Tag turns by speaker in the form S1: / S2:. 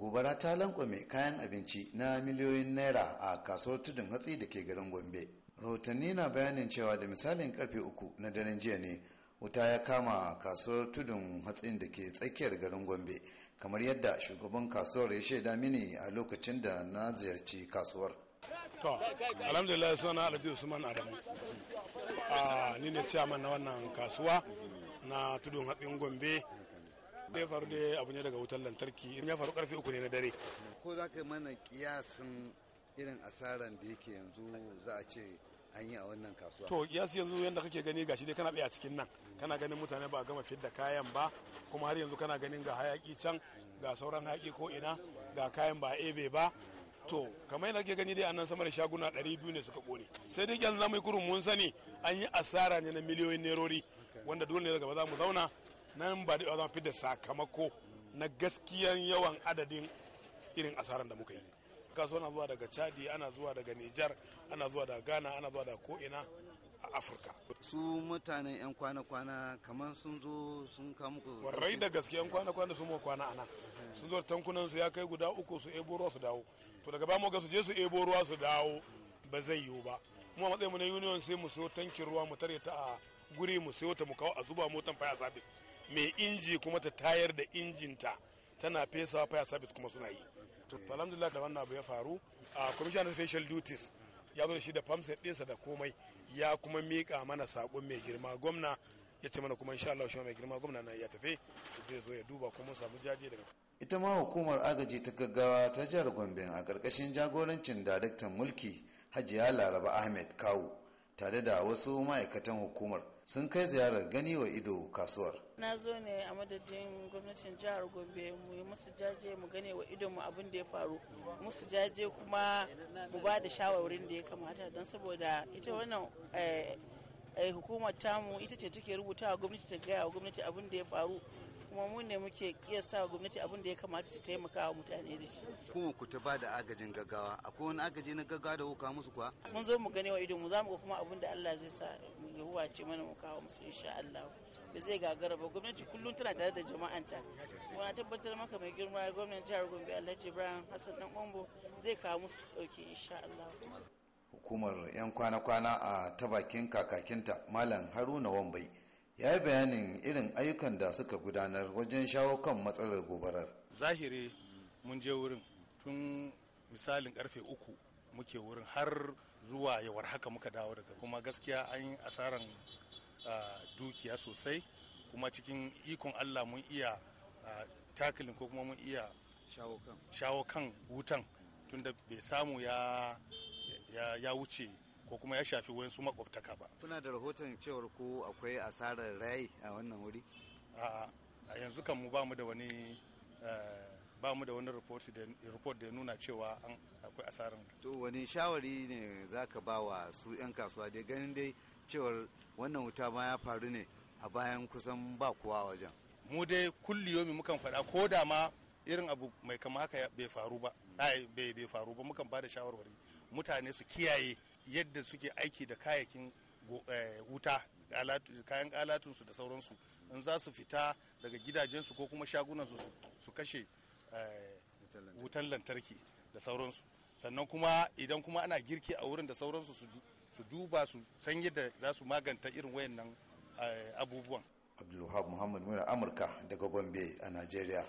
S1: gobara ta lankwame kayan abinci na miliyoyin naira a kasuwar tudun hatsi da ke garin gombe rahotanni na bayanin cewa da misalin karfe uku na daren jiya ne wuta ya kama kasuwar tudun hatsin da ke tsakiyar garin gombe kamar yadda shugaban kasuwar ya shaida mini a lokacin da na ziyarci kasuwar
S2: to alhamdulillah suna alhaji usman adamu a ah, ni ne ciyaman na wannan kasuwa na tudun hatsin gombe da ya faru da abu ne daga wutar lantarki in ya faru karfe uku ne na dare
S1: ko za ka mana kiyasin irin asaran da yake yanzu za a ce an yi a wannan kasuwa to kiyasi
S2: yanzu yadda kake gani gashi dai kana tsaye a cikin nan kana ganin mutane ba a gama fidda kayan ba kuma har yanzu kana ganin ga hayaki can ga sauran hayaki ko ina ga kayan ba ebe ba to kamar yadda ke gani dai a nan sama da shaguna 200 ne suka kone sai dai yanzu zamu yi kurun mun sani an yi asara ne na miliyoyin nerori wanda dole ne daga ba za mu zauna nan ba da zan fi da sakamako na gaskiyan yawan adadin irin asaran da muka yi so na zuwa daga chadi ana zuwa daga nijar ana zuwa daga ghana ana zuwa daga ko'ina a
S1: afirka su mutanen yan kwana-kwana kamar sun zo sun kamu ku warai da gaske yan kwana-kwana sun kwana a nan sun zo tankunan su
S2: ya kai guda uku su ebo ruwa su dawo to daga bamu ga su je su ebo ruwa su dawo ba zai yiwu ba mu a matsayin mu na union sai mu siyo tankin ruwa mu tare ta a guri mu siyo ta mu kawo a zuba motan fire service mai inji kuma ta tayar da injinta tana fesa fire service kuma suna yi to alhamdulillah da wannan abu ya faru a of special duties ya zo da shi da famset ɗinsa da komai ya kuma mika mana sakon mai girma gwamna ya ce mana kuma insha Allah shi mai girma gwamna na ya tafe zai zo ya duba kuma samu jaje daga
S1: ita ma hukumar agaji ta gaggawa ta jihar Gombe a ƙarƙashin jagorancin daraktan mulki Hajiya Laraba Ahmed Kawu tare da wasu ma'aikatan hukumar sun kai ziyarar gani wa ido kasuwar.
S3: Na zo ne a madadin gwamnatin jihar Gombe mu yi musu jaje mu gane wa idon mu abin da ya faru. Musu jaje kuma mu ba da shawarwarin da ya kamata don saboda ita wannan eh, eh, hukumar tamu ita ce take rubuta wa gwamnati ta gaya wa gwamnati abin da ya faru. kuma mu ne muke kiyasta wa gwamnati abin da ya kamata ta taimaka wa mutane da shi
S1: kuma ku ta ba da agajin gaggawa akwai wani agaji na gaggawa da kuka musu kuwa
S3: mun zo mu gane wa idon mu za mu ga kuma abin da Allah zai sa ya ce mana mu kawo musu insha Allah ba zai gagara ba gwamnati kullum tana tare da jama'anta kuma tabbatar maka mai girma Gwamnan jihar Gombe Alhaji Ibrahim Hassan Dan Ombo zai kawo musu dauke insha Allah
S1: hukumar 'yan kwana-kwana a ta bakin kakakinta malam haruna wambai ya yi bayanin irin ayyukan da suka gudanar wajen shawo kan matsalar gobarar
S4: zahiri mun je wurin tun misalin karfe uku muke wurin har zuwa yawar haka muka dawo daga kuma gaskiya an yi asaran dukiya sosai kuma cikin ikon allah mun iya takilin ko kuma mun iya shawo kan wutan tunda bai samu ya wuce ko kuma ya shafi su makwabtaka ba kuna da rahoton cewar ko
S1: akwai asarar rai a
S4: wannan wuri a yanzu kan mu ba mu da wani eh, ba mu da wani report da ya nuna cewa an akwai asarar
S1: to wani shawari ne za ka ba wa su 'yan kasuwa dai ganin dai cewar wannan wuta ma ya faru ne a bayan kusan ba kowa wajen mu dai kulli yomi mukan faɗa ko da ma irin abu mai kama
S4: haka bai faru ba ai bai faru ba mukan ba da shawarwari mutane su kiyaye yadda suke aiki da kayakin eh, wuta kayan alatunsu da sauransu in za su fita daga gidajensu ko kuma shagunansu su kashe eh, wutan lantarki da sauransu sannan kuma idan kuma ana girki a wurin da sauransu su duba su san yadda za su maganta irin wayannan eh, abubuwan
S1: abdulwahab muhammad muna amurka daga gombe a najeriya